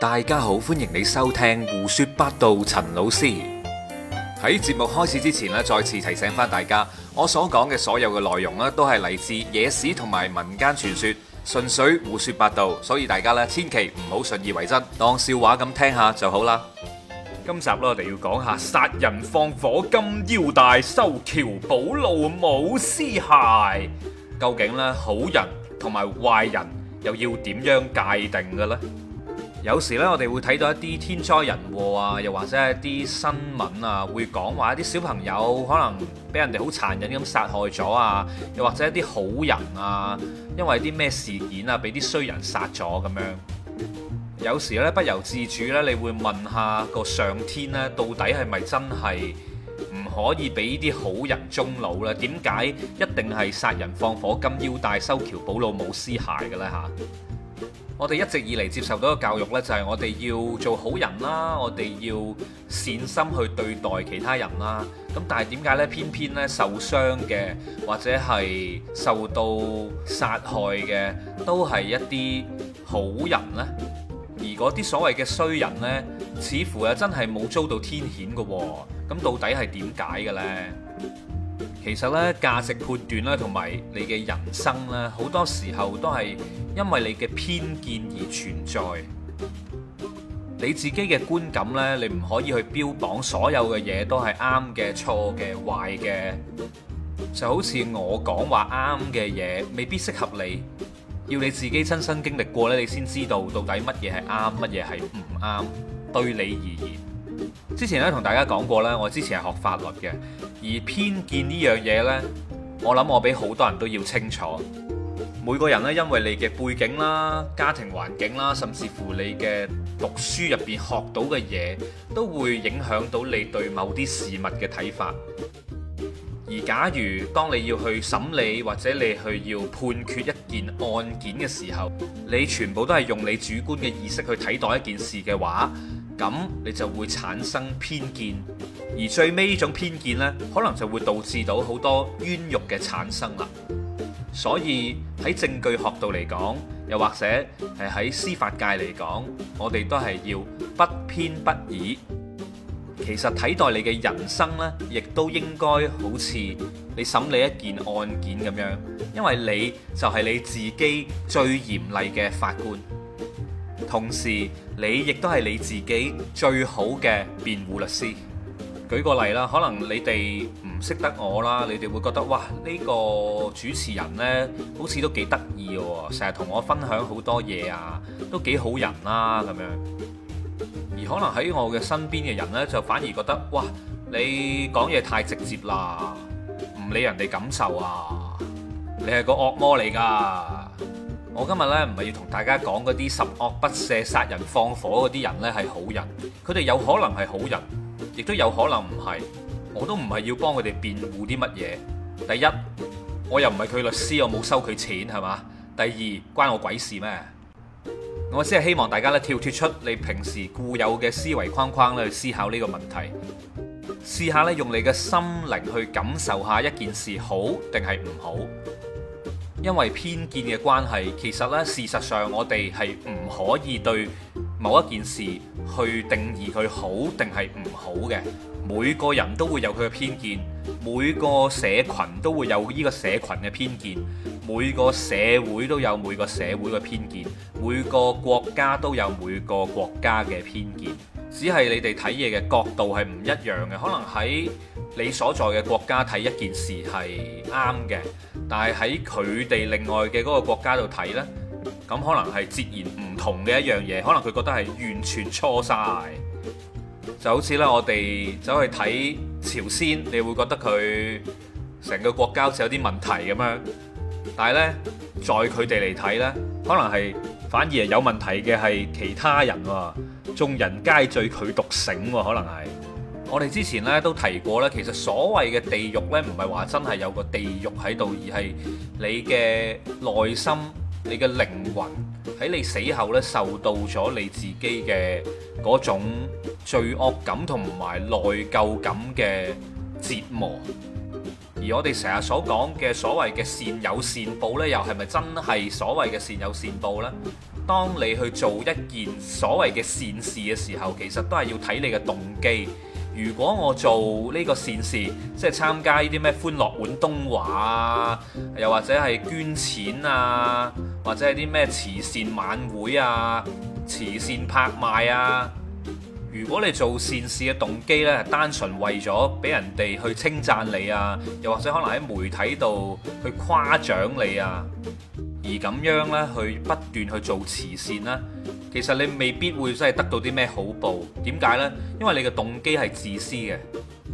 大家好，歡迎你收聽胡說八道陳老師。喺節目開始之前呢，再次提醒返大家，我所講嘅所有嘅內容都係嚟自野史同埋民間傳說，純粹胡說八道，所以大家呢，千祈唔好信以為真，當笑話咁聽下就好啦。今集呢，我哋要講下殺人放火金腰帶、修橋補路冇屍骸，究竟呢，好人同埋壞人又要點樣界定嘅呢？有時咧，我哋會睇到一啲天災人禍啊，又或者一啲新聞啊，會講話一啲小朋友可能俾人哋好殘忍咁殺害咗啊，又或者一啲好人啊，因為啲咩事件啊，俾啲衰人殺咗咁樣。有時呢，不由自主呢，你會問下個上天是是呢，到底係咪真係唔可以俾啲好人終老咧？點解一定係殺人放火金腰帶、修橋補路冇屍骸嘅咧？嚇！我哋一直以嚟接受到嘅教育呢，就係我哋要做好人啦，我哋要善心去對待其他人啦。咁但係點解呢？偏偏呢，受傷嘅或者係受到殺害嘅，都係一啲好人呢。而嗰啲所謂嘅衰人呢，似乎又真係冇遭到天譴嘅喎。咁到底係點解嘅呢？其實呢價值判斷咧，同埋你嘅人生呢，好多時候都係因為你嘅偏見而存在。你自己嘅觀感呢，你唔可以去標榜所有嘅嘢都係啱嘅、錯嘅、壞嘅。就好似我講話啱嘅嘢，未必適合你。要你自己親身經歷過呢，你先知道到底乜嘢係啱，乜嘢係唔啱，對你而言。之前咧同大家講過咧，我之前係學法律嘅，而偏見呢樣嘢呢，我諗我比好多人都要清楚。每個人呢，因為你嘅背景啦、家庭環境啦，甚至乎你嘅讀書入邊學到嘅嘢，都會影響到你對某啲事物嘅睇法。而假如當你要去審理或者你去要判決一件案件嘅時候，你全部都係用你主觀嘅意識去睇待一件事嘅話，咁你就會產生偏見，而最尾呢種偏見呢，可能就會導致到好多冤獄嘅產生啦。所以喺證據學度嚟講，又或者係喺司法界嚟講，我哋都係要不偏不倚。其實睇待你嘅人生呢，亦都應該好似你審理一件案件咁樣，因為你就係你自己最嚴厲嘅法官。同時，你亦都係你自己最好嘅辯護律師。舉個例啦，可能你哋唔識得我啦，你哋會覺得哇，呢個主持人呢，好似都幾得意喎，成日同我分享好多嘢啊，都幾好人啦咁樣。而可能喺我嘅身邊嘅人呢，就反而覺得哇，你講嘢太直接啦，唔理人哋感受啊，你係個惡魔嚟㗎。我今日咧唔係要同大家講嗰啲十惡不赦殺人放火嗰啲人咧係好人，佢哋有可能係好人，亦都有可能唔係。我都唔係要幫佢哋辯護啲乜嘢。第一，我又唔係佢律師，我冇收佢錢係嘛？第二，關我鬼事咩？我只係希望大家咧跳脫出你平時固有嘅思維框框咧去思考呢個問題，試下咧用你嘅心靈去感受下一件事好定係唔好。因為偏見嘅關係，其實呢，事實上，我哋係唔可以對某一件事去定義佢好定係唔好嘅。每個人都會有佢嘅偏見，每個社群都會有呢個社群嘅偏見，每個社會都有每個社會嘅偏見，每個國家都有每個國家嘅偏見。只係你哋睇嘢嘅角度係唔一樣嘅，可能喺你所在嘅國家睇一件事係啱嘅，但係喺佢哋另外嘅嗰個國家度睇呢，咁可能係截然唔同嘅一樣嘢，可能佢覺得係完全錯晒，就好似呢，我哋走去睇朝鮮，你會覺得佢成個國家好似有啲問題咁樣，但係呢，在佢哋嚟睇呢，可能係反而係有問題嘅係其他人喎、啊。眾人皆醉，佢獨醒喎、啊，可能係我哋之前咧都提過咧。其實所謂嘅地獄咧，唔係話真係有個地獄喺度，而係你嘅內心、你嘅靈魂喺你死後咧受到咗你自己嘅嗰種罪惡感同埋內疚感嘅折磨。而我哋成日所講嘅所謂嘅善有善報咧，又係咪真係所謂嘅善有善報呢？當你去做一件所謂嘅善事嘅時候，其實都係要睇你嘅動機。如果我做呢個善事，即係參加呢啲咩歡樂碗東華啊，又或者係捐錢啊，或者係啲咩慈善晚會啊、慈善拍賣啊，如果你做善事嘅動機呢，係單純為咗俾人哋去稱讚你啊，又或者可能喺媒體度去誇獎你啊。而咁樣咧，去不斷去做慈善啦，其實你未必會真係得到啲咩好報。點解呢？因為你嘅動機係自私嘅。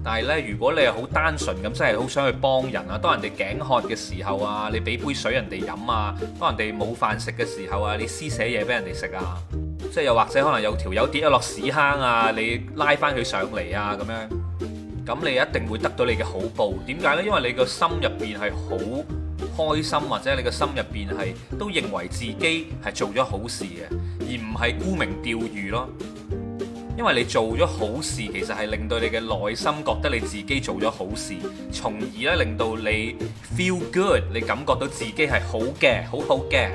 但係呢，如果你係好單純咁，真係好想去幫人啊，當人哋頸渴嘅時候啊，你俾杯水人哋飲啊；當人哋冇飯食嘅時候啊，你施捨嘢俾人哋食啊。即係又或者可能有條友跌咗落屎坑啊，你拉翻佢上嚟啊，咁樣。咁你一定會得到你嘅好報。點解呢？因為你個心入邊係好。開心或者你個心入邊係都認為自己係做咗好事嘅，而唔係沽名釣譽咯。因為你做咗好事，其實係令到你嘅內心覺得你自己做咗好事，從而咧令到你 feel good，你感覺到自己係好嘅，好好嘅。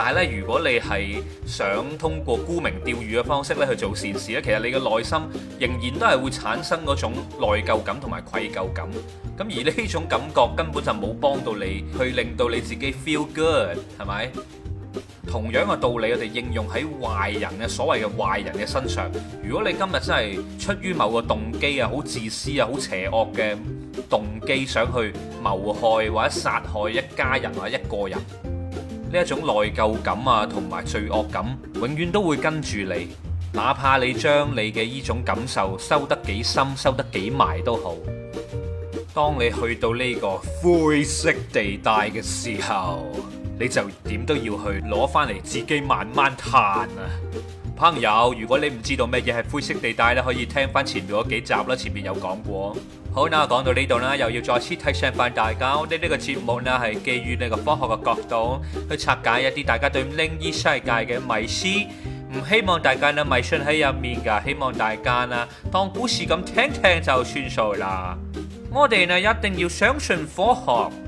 但係咧，如果你係想通過沽名釣譽嘅方式咧去做善事咧，其實你嘅內心仍然都係會產生嗰種內疚感同埋愧疚感。咁而呢種感覺根本就冇幫到你，去令到你自己 feel good，係咪？同樣嘅道理，我哋應用喺壞人嘅所謂嘅壞人嘅身上。如果你今日真係出於某個動機啊，好自私啊，好邪惡嘅動機想去謀害或者殺害一家人或者一個人。呢一種內疚感啊，同埋罪惡感，永遠都會跟住你，哪怕你將你嘅依種感受收得幾深、收得幾埋都好。當你去到呢個灰色地帶嘅時候，你就點都要去攞翻嚟，自己慢慢嘆啊。朋友，如果你唔知道咩嘢係灰色地帶咧，可以聽翻前面嗰幾集啦。前面有講過。好，嗱，講到呢度啦，又要再次提醒翻大家，我哋呢個節目呢，係基於呢個科學嘅角度去拆解一啲大家對靈異世界嘅迷思，唔希望大家呢迷信喺入面噶，希望大家咧當故事咁聽聽就算數啦。我哋呢，一定要相信科學。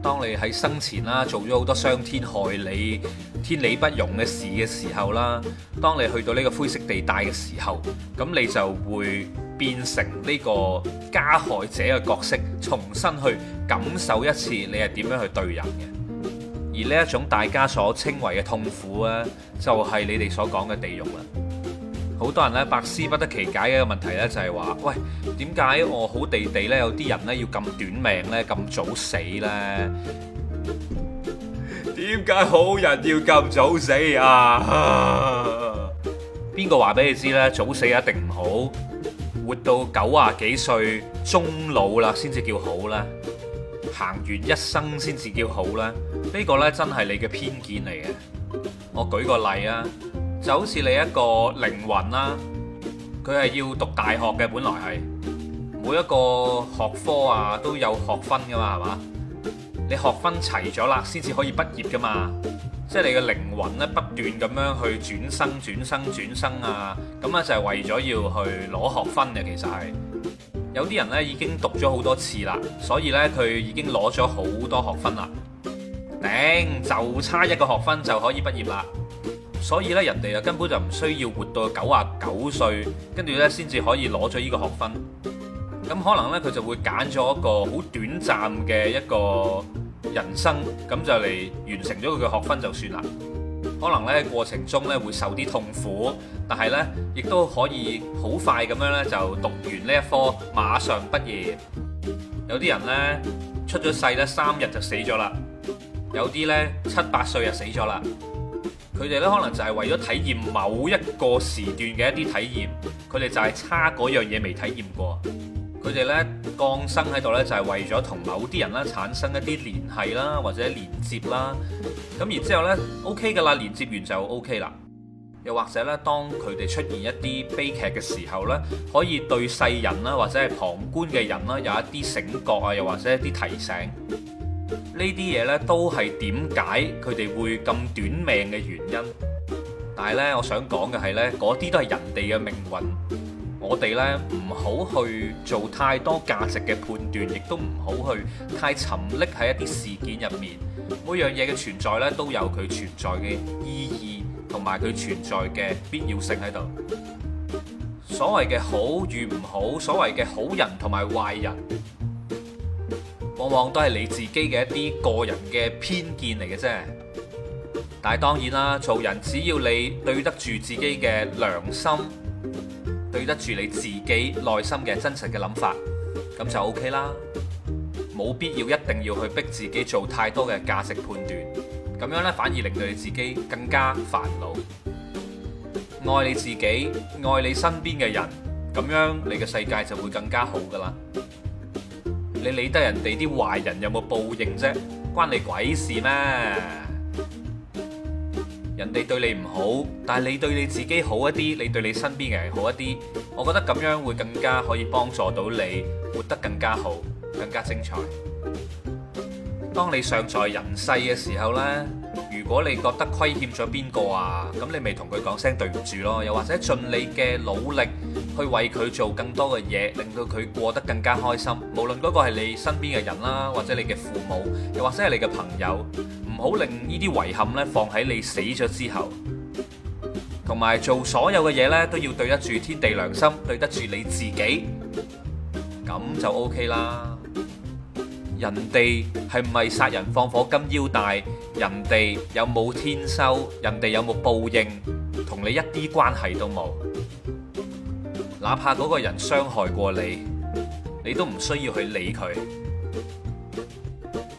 當你喺生前啦，做咗好多傷天害理、天理不容嘅事嘅時候啦，當你去到呢個灰色地帶嘅時候，咁你就會變成呢個加害者嘅角色，重新去感受一次你係點樣去對人嘅。而呢一種大家所稱為嘅痛苦咧，就係你哋所講嘅地獄啦。好多人咧百思不得其解嘅一個問題咧，就係話：喂，點解我好地地咧有啲人咧要咁短命咧，咁早死咧？點解好人要咁早死啊？邊個話俾你知咧？早死一定唔好，活到九啊幾歲終老啦先至叫好啦，行完一生先至叫好啦？呢個咧真係你嘅偏見嚟嘅。我舉個例啊。就好似你一個靈魂啦，佢係要讀大學嘅。本來係，每一個學科啊都有學分噶嘛，係嘛？你學分齊咗啦，先至可以畢業噶嘛。即係你嘅靈魂咧，不斷咁樣去轉生、轉生、轉生啊，咁咧就係為咗要去攞學分嘅。其實係有啲人呢已經讀咗好多次啦，所以呢，佢已經攞咗好多學分啦，頂就差一個學分就可以畢業啦。所以咧，人哋啊根本就唔需要活到九啊九歲，跟住呢先至可以攞咗呢個學分。咁可能呢，佢就會揀咗一個好短暫嘅一個人生，咁就嚟完成咗佢嘅學分就算啦。可能呢過程中呢會受啲痛苦，但係呢亦都可以好快咁樣呢就讀完呢一科，馬上畢業。有啲人呢出咗世呢三日就死咗啦，有啲呢七八歲就死咗啦。佢哋咧可能就係為咗體驗某一個時段嘅一啲體驗，佢哋就係差嗰樣嘢未體驗過。佢哋呢降生喺度呢，就係為咗同某啲人啦產生一啲聯繫啦或者連接啦。咁然之後呢 OK 噶啦，連接完就 OK 啦。又或者呢，當佢哋出現一啲悲劇嘅時候呢，可以對世人啦或者係旁觀嘅人啦有一啲醒覺啊，又或者一啲提醒。呢啲嘢呢都係點解佢哋會咁短命嘅原因，但係呢，我想講嘅係呢，嗰啲都係人哋嘅命運，我哋呢唔好去做太多價值嘅判斷，亦都唔好去太沉溺喺一啲事件入面。每樣嘢嘅存在呢都有佢存在嘅意義同埋佢存在嘅必要性喺度。所謂嘅好與唔好，所謂嘅好人同埋壞人，往往都係你自己嘅一啲個人嘅偏見嚟嘅啫。但係當然啦，做人只要你對得住自己嘅良心，對得住你自己內心嘅真實嘅諗法，咁就 OK 啦。冇必要一定要去逼自己做太多嘅價值判斷，咁樣呢，反而令到你自己更加煩惱。愛你自己，愛你身邊嘅人，咁樣你嘅世界就會更加好噶啦。你理得人哋啲壞人有冇報應啫？關你鬼事咩？人哋對你唔好，但係你對你自己好一啲，你對你身邊嘅人好一啲，我覺得咁樣會更加可以幫助到你活得更加好，更加精彩。當你尚在人世嘅時候呢。如果你覺得虧欠咗邊個啊，咁你咪同佢講聲對唔住咯，又或者盡你嘅努力去為佢做更多嘅嘢，令到佢過得更加開心。無論嗰個係你身邊嘅人啦，或者你嘅父母，又或者係你嘅朋友，唔好令呢啲遺憾呢放喺你死咗之後。同埋做所有嘅嘢呢，都要對得住天地良心，對得住你自己，咁就 OK 啦。人哋係唔係殺人放火金腰帶？人哋有冇天收？人哋有冇報應？同你一啲關係都冇。哪怕嗰個人傷害過你，你都唔需要去理佢。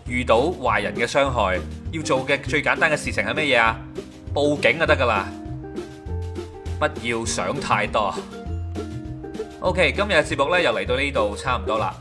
遇到壞人嘅傷害，要做嘅最簡單嘅事情係乜嘢啊？報警就得噶啦。不要想太多。OK，今日嘅節目呢又嚟到呢度差唔多啦。